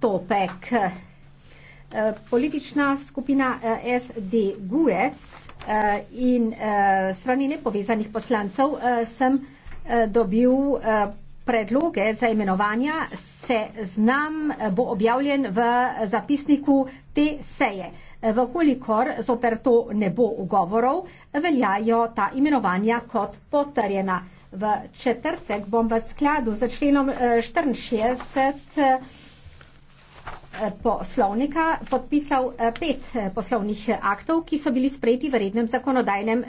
postopek. Eh, politična skupina eh, SD Gue eh, in strani nepovezanih poslancev sem dobil predloge za imenovanja, se znam bo objavljen v zapisniku te seje. Vkolikor zoper to ne bo ugovorov, veljajo ta imenovanja kot potrjena. V četrtek bom v skladu z členom 64 Eh, poslovnika podpisal eh, pet eh, poslovnih aktov, ki so bili sprejeti v rednem zakonodajnem